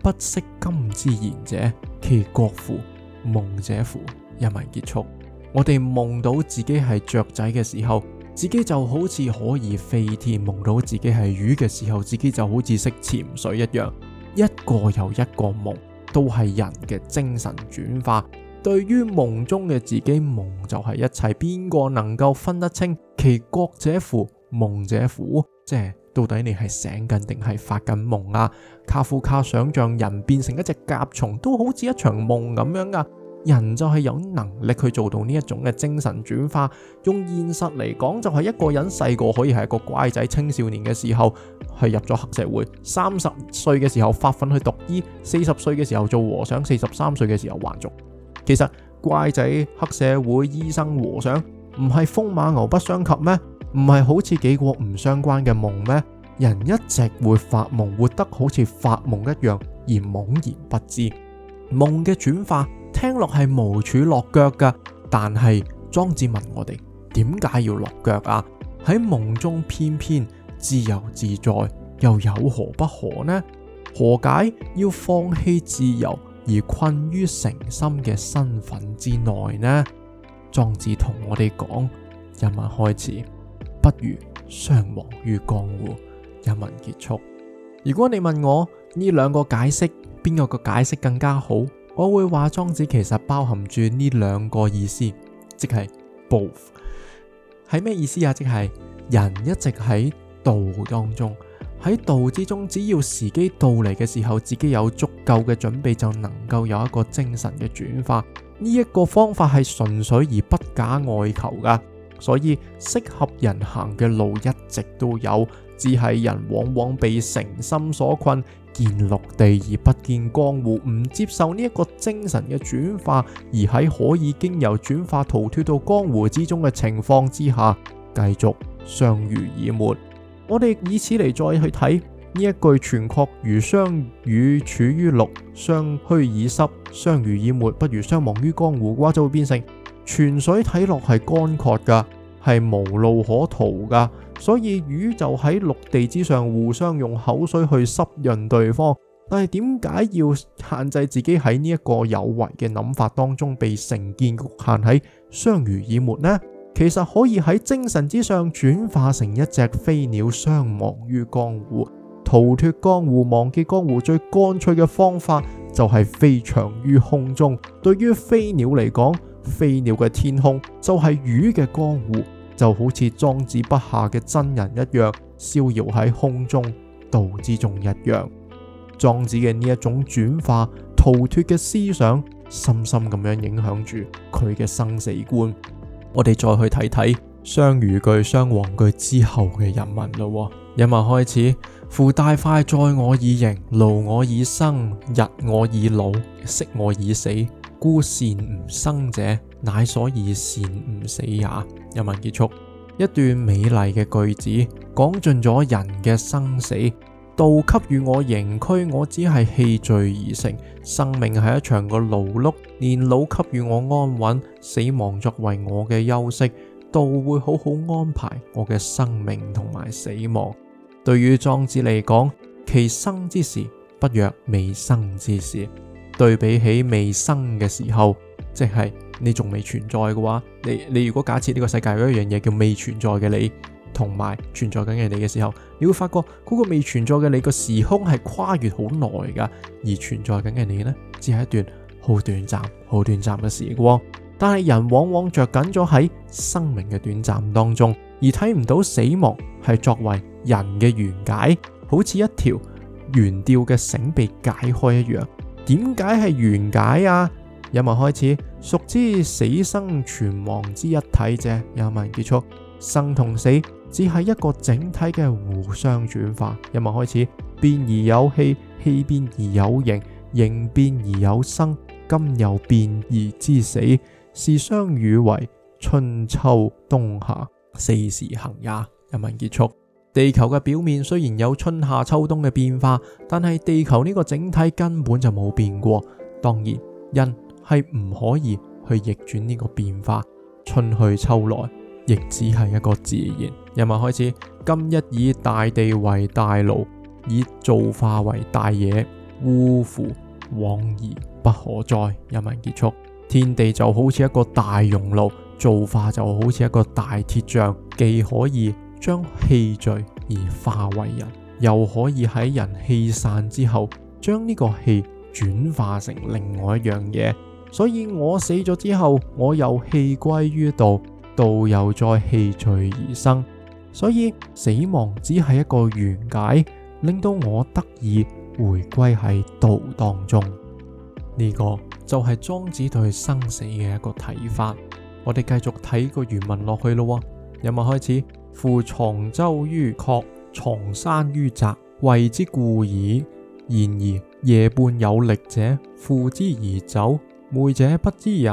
不識今之言者，其國乎？夢者乎？一幕結束，我哋夢到自己係雀仔嘅時候。自己就好似可以飛天，夢到自己係魚嘅時候，自己就好似識潛水一樣。一個又一個夢，都係人嘅精神轉化。對於夢中嘅自己，夢就係一切。邊個能夠分得清其國者乎，夢者乎？即係到底你係醒緊定係發緊夢啊？卡夫卡想象人變成一隻甲蟲，都好似一場夢咁樣噶、啊。人就係有能力去做到呢一種嘅精神轉化，用現實嚟講就係一個人細個可以係一個乖仔，青少年嘅時候係入咗黑社會，三十歲嘅時候發奮去讀醫，四十歲嘅時候做和尚，四十三歲嘅時候還俗。其實乖仔、黑社會、醫生、和尚唔係風馬牛不相及咩？唔係好似幾個唔相關嘅夢咩？人一直會發夢，活得好似發夢一樣而懵然不知夢嘅轉化。聽落係無處落腳噶，但係莊子問我哋點解要落腳啊？喺夢中偏偏自由自在，又有何不可呢？何解要放棄自由而困於成心嘅身份之內呢？莊子同我哋講：引文開始，不如相忘於江湖；引文結束。如果你問我呢兩個解釋邊個個解釋更加好？我會話莊子其實包含住呢兩個意思，即係 both，係咩意思啊？即係人一直喺道當中，喺道之中，只要時機到嚟嘅時候，自己有足夠嘅準備，就能夠有一個精神嘅轉化。呢一個方法係純粹而不假外求噶，所以適合人行嘅路一直都有，只係人往往被成心所困。見陸地而不見江湖，唔接受呢一個精神嘅轉化，而喺可以經由轉化逃脱到江湖之中嘅情況之下，繼續相濡以沫。我哋以此嚟再去睇呢一句泉涸，魚相與處於陸，相呴以濕，相濡以沫，不如相忘於江湖嘅話，就會變成泉水睇落係乾涸噶，係無路可逃噶所以魚就喺陸地之上，互相用口水去濕潤對方。但係點解要限制自己喺呢一個有為嘅諗法當中被成見局限喺相濡以沫呢？其實可以喺精神之上轉化成一隻飛鳥，相忘於江湖，逃脫江湖，忘記江湖。最乾脆嘅方法就係飛翔於空中。對於飛鳥嚟講，飛鳥嘅天空就係魚嘅江湖。就好似莊子筆下嘅真人一樣，逍遙喺空中道之中一樣。莊子嘅呢一種轉化、逃脱嘅思想，深深咁樣影響住佢嘅生死觀。我哋再去睇睇《相如句》《相王句》之後嘅引文啦。引文開始，夫大塊載我以形，勞我以生，佚我以老，息我以死，故善吾生者，乃所以善吾死也。一文結束，一段美麗嘅句子，講盡咗人嘅生死。道給予我形軀，我只係氣聚而成。生命係一場個勞碌，年老給予我安穩，死亡作為我嘅休息。道會好好安排我嘅生命同埋死亡。對於莊子嚟講，其生之時不若未生之時。對比起未生嘅時候，即係。你仲未存在嘅話，你你如果假設呢個世界有一樣嘢，叫未存在嘅你，同埋存在緊嘅你嘅時候，你會發覺嗰個未存在嘅你個時空係跨越好耐噶，而存在緊嘅你呢，只係一段好短暫、好短暫嘅時光。但係人往往着緊咗喺生命嘅短暫當中，而睇唔到死亡係作為人嘅懸解，好似一條懸吊嘅繩被解開一樣。點解係懸解啊？一文開始，孰知死生存亡之一體者。一文結束，生同死只係一個整體嘅互相轉化。一文開始，變而有氣，氣變而有形，形變而有生，今又變而之死，是相與為春秋冬夏四時行也。一文結束，地球嘅表面雖然有春夏秋冬嘅變化，但係地球呢個整體根本就冇變過。當然，因。係唔可以去逆轉呢個變化，春去秋來，亦只係一個自然。引文開始，今日以大地為大爐，以造化為大冶，惡乎往而不可哉。引文結束。天地就好似一個大熔爐，造化就好似一個大鐵匠，既可以將氣聚而化為人，又可以喺人氣散之後，將呢個氣轉化成另外一樣嘢。所以我死咗之後，我又氣歸於道，道又再氣聚而生。所以死亡只係一個懸解，令到我得以回歸喺道當中。呢個就係莊子對生死嘅一個睇法。我哋繼續睇個原文落去咯。喎，有冇開始？夫藏舟於壑，藏山於澤，謂之固矣。然而夜半有力者負之而走。昧者不知也。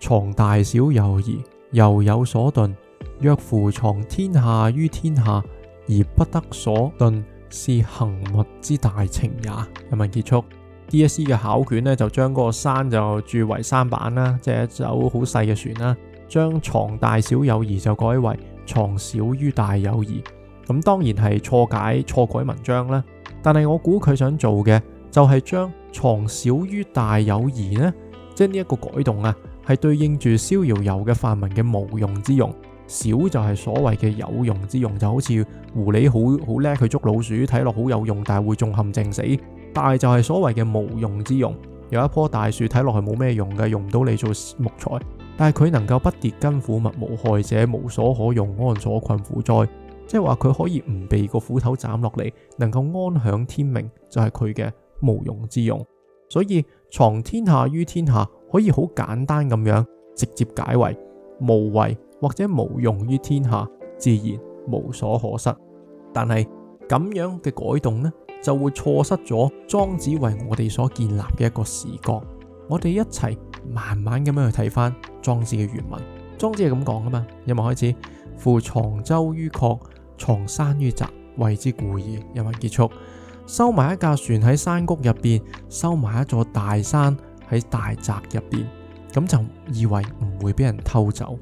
藏大小有宜，猶有所遁。若夫藏天下於天下，而不得所遁，是恆物之大情也。人民結束 DSE 嘅考卷呢，就將嗰個山就注為舢板啦，即係一艘好細嘅船啦。將藏大小有宜就改為藏小於大有宜，咁當然係錯解錯改文章啦。但係我估佢想做嘅就係將藏小於大有宜呢。即呢一個改動啊，係對應住《逍遙遊》嘅範文嘅無用之用，小就係所謂嘅有用之用，就好似狐狸好好叻，佢捉老鼠，睇落好有用，但係會中陷阱死。大就係所謂嘅無用之用，有一棵大樹睇落去冇咩用嘅，用唔到你做木材，但係佢能夠不夭斤斧，物無害者無所可用，安所困苦哉，即係話佢可以唔被個斧頭斬落嚟，能夠安享天命，就係佢嘅無用之用，所以。藏天下於天下，可以好簡單咁樣直接解為無為或者無用於天下，自然無所可失。但係咁樣嘅改動呢，就會錯失咗莊子為我哋所建立嘅一個視角。我哋一齊慢慢咁樣去睇返莊子嘅原文。莊子係咁講㗎嘛？有樂開始，夫藏舟於壑，藏山於澤，謂之固矣。有樂結束。收埋一架船喺山谷入邊，收埋一座大山喺大宅入邊，咁就以為唔會俾人偷走。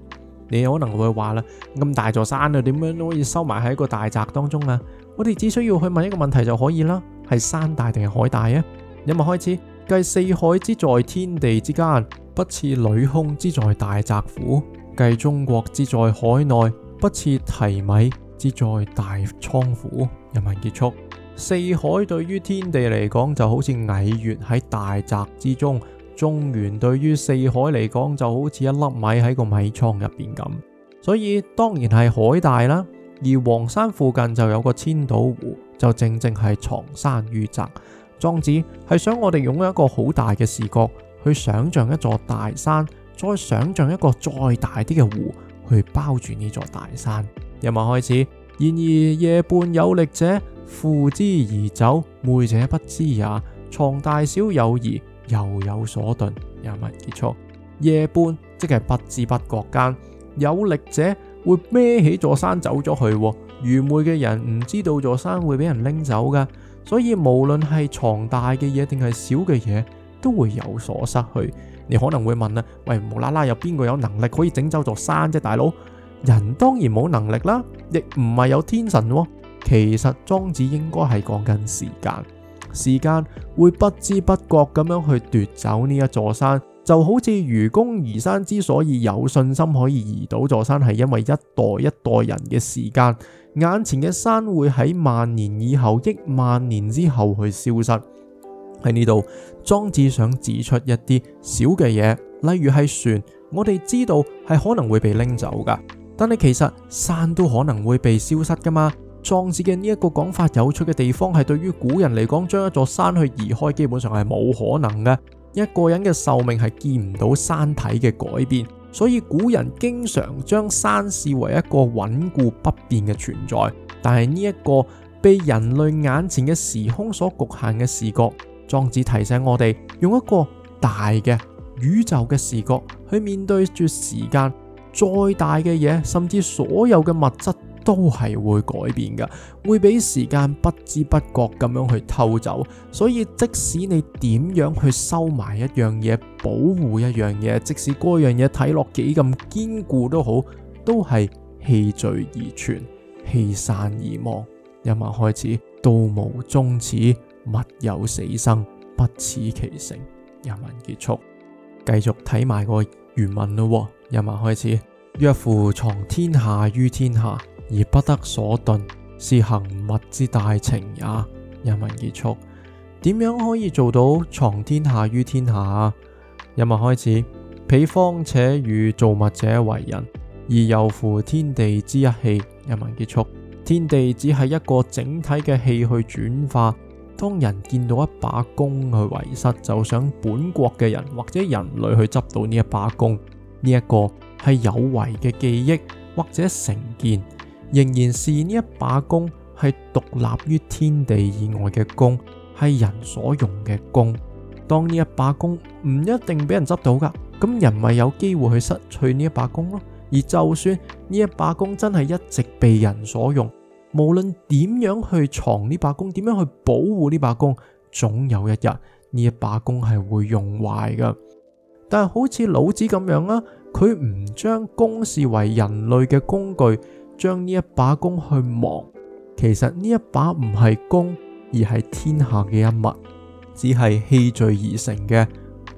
你可能會話啦，咁大座山啊，點樣可以收埋喺一個大宅當中啊？我哋只需要去問一個問題就可以啦：係山大定係海大啊？人民開始，計四海之在天地之間，不似礨空之在大澤乎；計中國之在海內，不似稊米之在大倉乎。人民結束。四海對於天地嚟講就好似蟻穴喺大澤之中，中原對於四海嚟講就好似一粒米喺個米倉入邊咁，所以當然係海大啦。而黃山附近就有個千島湖，就正正係藏山於澤。莊子係想我哋擁有一個好大嘅視覺去想象一座大山，再想象一個再大啲嘅湖去包住呢座大山。音樂開始，然而夜半有力者，負之而走，昧者不知也。藏大小有宜，又有所遁。又唔結束。夜半即係不知不覺間，有力者會孭起座山走咗去。愚昧嘅人唔知道座山會俾人拎走噶，所以無論係藏大嘅嘢定係小嘅嘢，都會有所失去。你可能會問啦，喂，無啦啦有邊個有能力可以整走座山啫？大佬，人當然冇能力啦，亦唔係有天神。其實莊子應該係講緊時間，時間會不知不覺咁樣去奪走呢一座山，就好似愚公移山之所以有信心可以移到座山，係因為一代一代人嘅時間。眼前嘅山會喺萬年以後、億萬年之後去消失。喺呢度，莊子想指出一啲小嘅嘢，例如係船，我哋知道係可能會被拎走噶，但係其實山都可能會被消失噶嘛。莊子嘅呢一個講法有趣嘅地方係對於古人嚟講，將一座山去移開，基本上係冇可能嘅。一個人嘅壽命係見唔到山體嘅改變，所以古人經常將山視為一個穩固不變嘅存在。但係呢一個被人類眼前嘅時空所局限嘅視覺，莊子提醒我哋用一個大嘅宇宙嘅視覺去面對住時間，再大嘅嘢，甚至所有嘅物質。都係會改變嘅，會俾時間不知不覺咁樣去偷走。所以即使你點樣去收埋一樣嘢，保護一樣嘢，即使嗰樣嘢睇落幾咁堅固都好，都係氣聚而存，氣散而亡。一文開始，道無終始，物有死生，不恃其成」。一文結束，繼續睇埋個原文啦。一文開始，若夫藏天下於天下。而不得所遁，是恆物之大情也。人民結束，點樣可以做到藏天下於天下啊？一文開始，彼方且與造物者為人，而遊乎天地之一氣。人民結束，天地只係一個整體嘅氣去轉化。當人見到一把弓去遺失，就想本國嘅人或者人類去執到呢一把弓，呢、這、一個係有為嘅記憶或者成見。仍然是呢一把弓，係獨立於天地以外嘅弓，係人所用嘅弓。當呢一把弓唔一定俾人執到噶，咁人咪有機會去失去呢一把弓咯。而就算呢一把弓真係一直被人所用，無論點樣去藏呢把弓，點樣去保護呢把弓，總有一日呢一把弓係會用壞噶。但係好似老子咁樣啊，佢唔將弓視為人類嘅工具。將呢一把弓去磨，其實呢一把唔係弓，而係天下嘅一物，只係氣聚而成嘅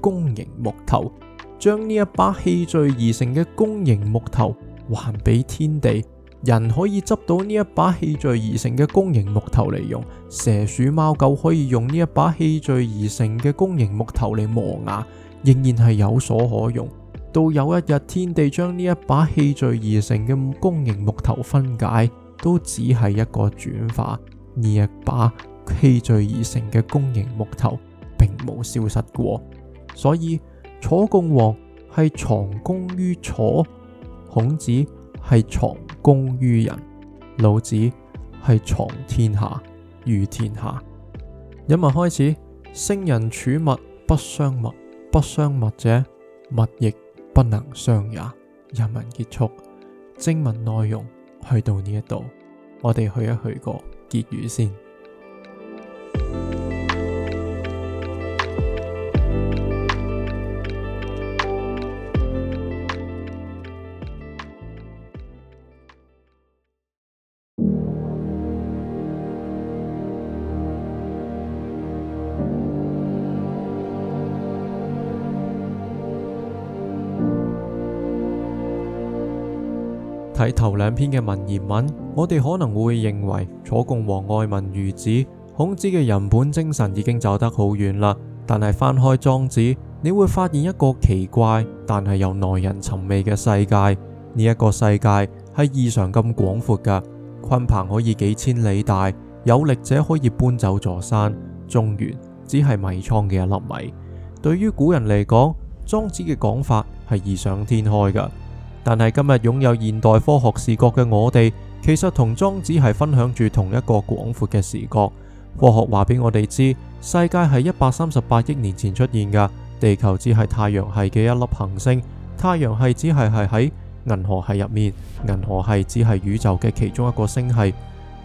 弓形木頭。將呢一把氣聚而成嘅弓形木頭還俾天地，人可以執到呢一把氣聚而成嘅弓形木頭嚟用，蛇鼠貓狗可以用呢一把氣聚而成嘅弓形木頭嚟磨牙，仍然係有所可用。到有一日天，天地將呢一把氣聚而成嘅弓形木頭分解，都只係一個轉化。而一把氣聚而成嘅弓形木頭，並冇消失過。所以，楚共王係藏弓於楚，孔子係藏弓於人，老子係藏天下於天下。引文開始：聖人處物不傷物，不傷物者，物亦。不能相也。人民結束，正文內容去到呢一度，我哋去一去個結語先。喺頭兩篇嘅文言文，我哋可能會認為楚共王愛民如子，孔子嘅人本精神已經走得好遠啦。但係翻開莊子，你會發現一個奇怪但係又耐人尋味嘅世界。呢、這、一個世界係異常咁廣闊噶，鯤鵬可以幾千里大，有力者可以搬走座山，中原只係米倉嘅一粒米。對於古人嚟講，莊子嘅講法係異想天開噶。但係今日擁有現代科學視覺嘅我哋，其實同莊子係分享住同一個廣闊嘅視角。科學話俾我哋知，世界係一百三十八億年前出現噶，地球只係太陽系嘅一粒行星，太陽系只係係喺銀河系入面，銀河系只係宇宙嘅其中一個星系。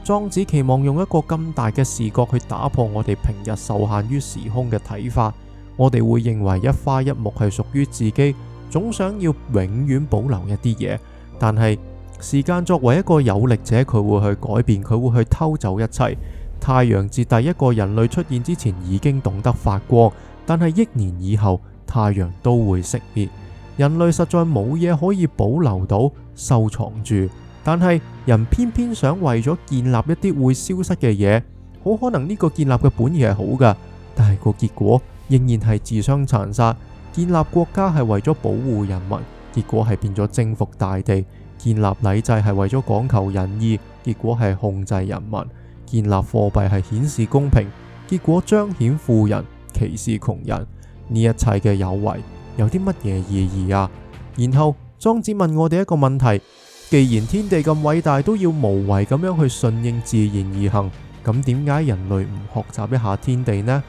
莊子期望用一個咁大嘅視角去打破我哋平日受限於時空嘅睇法，我哋會認為一花一木係屬於自己。總想要永遠保留一啲嘢，但係時間作為一個有力者，佢會去改變，佢會去偷走一切。太陽自第一個人類出現之前已經懂得發光，但係億年以後，太陽都會熄滅。人類實在冇嘢可以保留到收藏住，但係人偏偏想為咗建立一啲會消失嘅嘢，好可能呢個建立嘅本意係好㗎，但係個結果仍然係自相殘殺。建立國家係為咗保護人民，結果係變咗征服大地；建立禮制係為咗講求仁義，結果係控制人民；建立貨幣係顯示公平，結果彰顯富人，歧視窮人。呢一切嘅有為，有啲乜嘢意義啊？然後莊子問我哋一個問題：既然天地咁偉大，都要無為咁樣去順應自然而行，咁點解人類唔學習一下天地呢？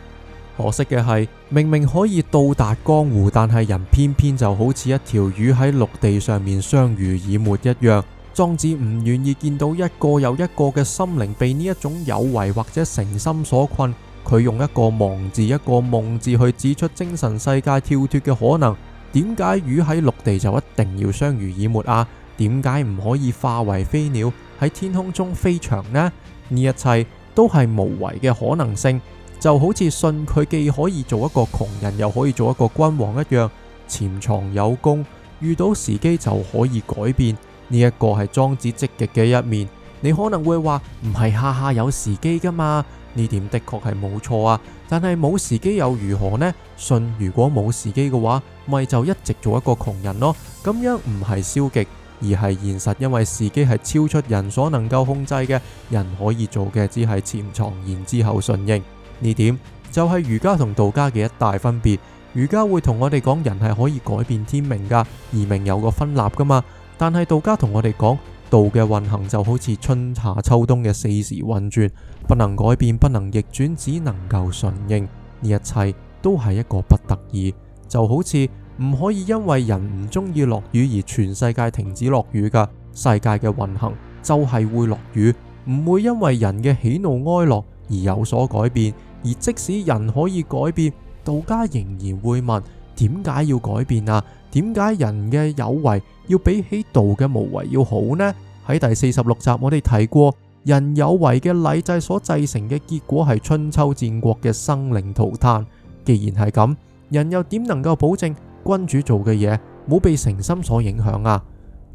可惜嘅係，明明可以到達江湖，但係人偏偏就好似一條魚喺陸地上面相濡以沫一樣。莊子唔願意見到一個又一個嘅心靈被呢一種有為或者成心所困。佢用一個忘字，一個夢字去指出精神世界跳脫嘅可能。點解魚喺陸地就一定要相濡以沫啊？點解唔可以化為飛鳥喺天空中飛翔呢？呢一切都係無為嘅可能性。就好似信佢既可以做一個窮人，又可以做一個君王一樣，潛藏有功，遇到時機就可以改變。呢一個係莊子積極嘅一面。你可能會話唔係下下有時機㗎嘛？呢點的確係冇錯啊。但係冇時機又如何呢？信如果冇時機嘅話，咪就一直做一個窮人咯。咁樣唔係消極，而係現實，因為時機係超出人所能夠控制嘅，人可以做嘅只係潛藏，然之後順應。呢點就係儒家同道家嘅一大分別。儒家會同我哋講，人係可以改變天命噶，而命有個分立，噶嘛。但係道家同我哋講，道嘅運行就好似春夏秋冬嘅四時運轉，不能改變，不能逆轉，只能夠順應。呢一切都係一個不得已，就好似唔可以因為人唔中意落雨而全世界停止落雨噶。世界嘅運行就係會落雨，唔會因為人嘅喜怒哀樂而有所改變。而即使人可以改變，道家仍然會問：點解要改變啊？點解人嘅有為要比起道嘅無為要好呢？喺第四十六集我哋提過，人有為嘅禮制所製成嘅結果係春秋戰國嘅生靈塗炭。既然係咁，人又點能夠保證君主做嘅嘢冇被成心所影響啊？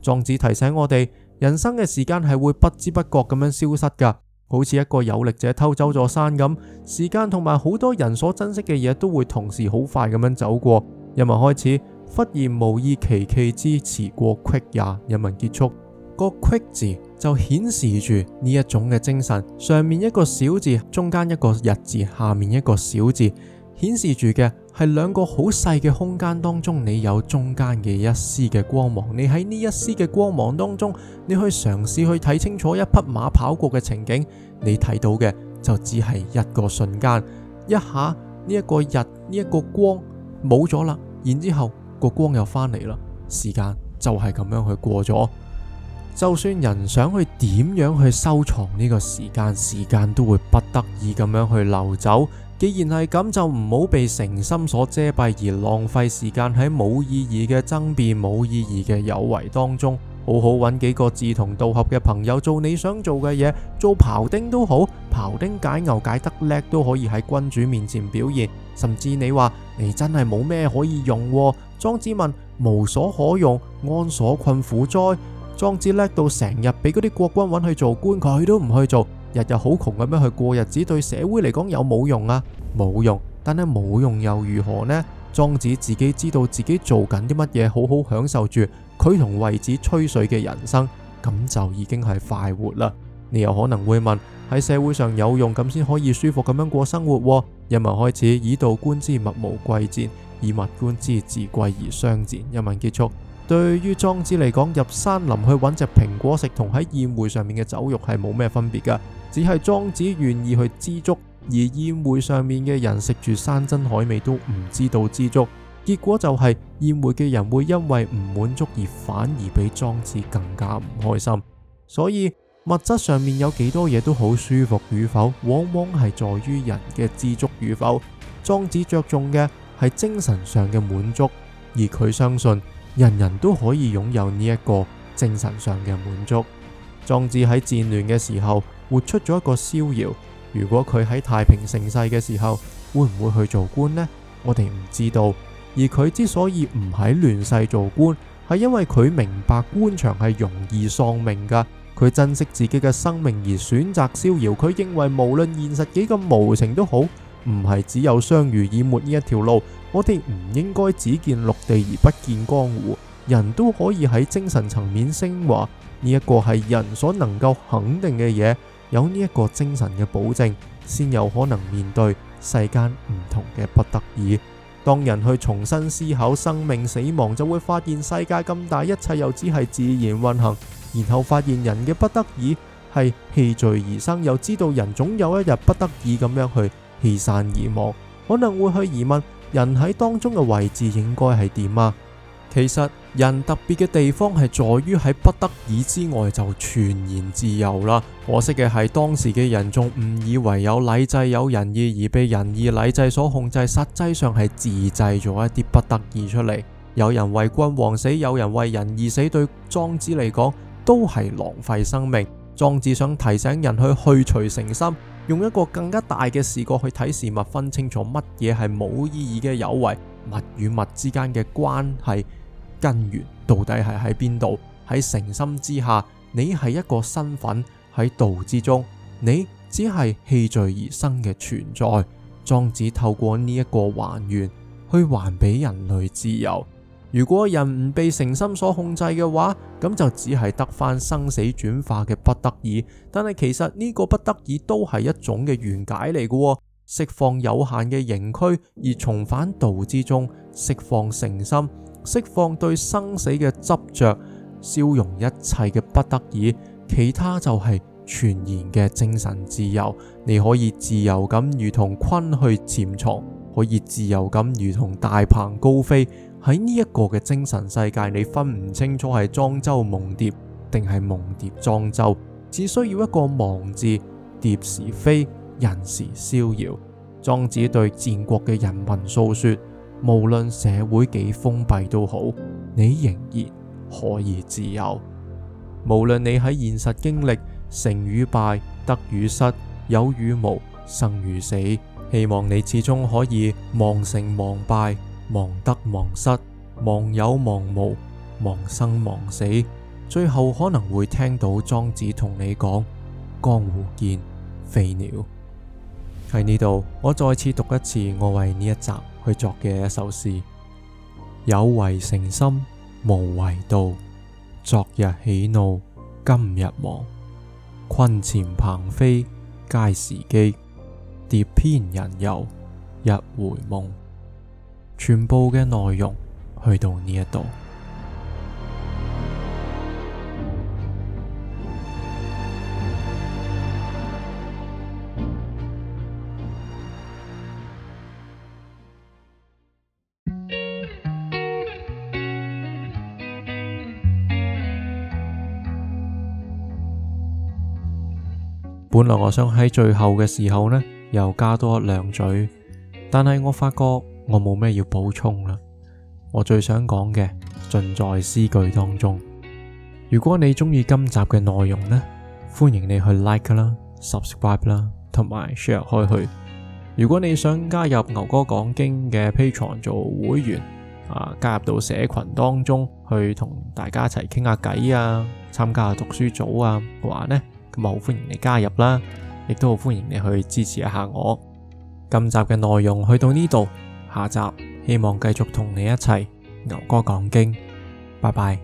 莊子提醒我哋，人生嘅時間係會不知不覺咁樣消失噶。好似一個有力者偷走咗山咁，時間同埋好多人所珍惜嘅嘢，都會同時好快咁樣走過。人民開始，忽然無意其器之遲過隙也。人民結束，個隙字就顯示住呢一種嘅精神。上面一個小字，中間一個日字，下面一個小字，顯示住嘅。係兩個好細嘅空間當中，你有中間嘅一絲嘅光芒，你喺呢一絲嘅光芒當中，你可以嘗試去睇清楚一匹馬跑過嘅情景。你睇到嘅就只係一個瞬間，一下呢一個日呢一個光冇咗啦，然之後個光又翻嚟啦，時間就係咁樣去過咗。就算人想去點樣去收藏呢個時間，時間都會不得已咁樣去流走。既然係咁，就唔好被成心所遮蔽而浪費時間喺冇意義嘅爭辯、冇意義嘅有為當中。好好揾幾個志同道合嘅朋友做你想做嘅嘢，做庖丁都好，庖丁解牛解得叻都可以喺君主面前表現。甚至你話你真係冇咩可以用啊，莊子問無所可用，安所困苦哉？莊子叻到成日俾嗰啲國君揾去做官，佢都唔去做。日日好窮咁樣去過日子，對社會嚟講有冇用啊？冇用，但係冇用又如何呢？莊子自己知道自己做緊啲乜嘢，好好享受住佢同惠子吹水嘅人生，咁就已經係快活啦。你又可能會問，喺社會上有用咁先可以舒服咁樣過生活啊？人民開始，以道觀之，物無貴賤；以物觀之，自貴而相賤。一文結束。對於莊子嚟講，入山林去揾隻蘋果食，同喺宴會上面嘅酒肉係冇咩分別噶。只係莊子願意去知足，而宴會上面嘅人食住山珍海味都唔知道知足。結果就係宴會嘅人會因為唔滿足而反而比莊子更加唔開心。所以物質上面有幾多嘢都好，舒服與否，往往係在於人嘅知足與否。莊子着重嘅係精神上嘅滿足，而佢相信，人人都可以擁有呢一個精神上嘅滿足，莊子喺戰亂嘅時候活出咗一個逍遙。如果佢喺太平盛世嘅時候，會唔會去做官呢？我哋唔知道。而佢之所以唔喺亂世做官，係因為佢明白官場係容易喪命噶。佢珍惜自己嘅生命而選擇逍遙。佢認為無論現實幾咁無情都好，唔係只有相濡以沫呢一條路。我哋唔應該只見陸地而不見江湖，人都可以喺精神層面升華。呢一個係人所能夠肯定嘅嘢，有呢一個精神嘅保證，先有可能面對世間唔同嘅不得已。當人去重新思考生命死亡，就會發現世界咁大，一切又只係自然運行。然後發現人嘅不得已係氣聚而生，又知道人總有一日不得已咁樣去氣散而亡，可能會去疑問。人喺當中嘅位置應該係點啊？其實人特別嘅地方係在於喺不得已之外就全然自由啦。可惜嘅係當時嘅人仲誤以為有禮制有仁義而被仁義禮制所控制，實際上係自製咗一啲不得已出嚟。有人為君王死，有人為仁義死，對莊子嚟講都係浪費生命。莊子想提醒人去去除成心。用一個更加大嘅視角去睇事物分，分清楚乜嘢係冇意義嘅有為，物與物之間嘅關係根源到底係喺邊度？喺成心之下，你係一個身份喺道之中，你只係氣聚而生嘅存在。莊子透過呢一個還原，去還俾人類自由。如果人唔被成心所控制嘅話，咁就只係得返生死轉化嘅不得已。但係其實呢個不得已都係一種嘅懸解嚟嘅，哦，釋放有限嘅形軀而重返道之中，釋放成心，釋放對生死嘅執着，消融一切嘅不得已。其他就係全然嘅精神自由，你可以自由咁如同鯤去潛藏，可以自由咁如同大鵬高飛。喺呢一個嘅精神世界，你分唔清楚係莊周夢蝶定係夢蝶莊周，只需要一個忘字，蝶是非，人是逍遙。莊子對戰國嘅人民訴說：無論社會幾封閉都好，你仍然可以自由。無論你喺現實經歷成與敗、得與失、有與無、生與死，希望你始終可以忘成忘敗。忘得忘失，忘有忘無，忘生忘死，最後可能會聽到莊子同你講：江湖見飛鳥。喺呢度，我再次讀一次我為呢一集去作嘅一首詩：有為成心，無為道。昨日喜怒，今日忘。鯤潛鵬飛，皆時機。蝶翩人遊，一回夢。全部嘅內容去到呢一度。本來我想喺最後嘅時候呢，又加多兩嘴，但係我發覺。我冇咩要補充啦，我最想講嘅盡在詩句當中。如果你中意今集嘅內容呢，歡迎你去 like 啦、subscribe 啦，同埋 share 開去。如果你想加入牛哥講經嘅 Patreon 做會員啊，加入到社群當中去同大家一齊傾下偈啊，參加下讀書組啊嘅話呢，咁啊好歡迎你加入啦，亦都好歡迎你去支持一下我。今集嘅內容去到呢度。下集希望繼續同你一齊，牛哥講經，拜拜。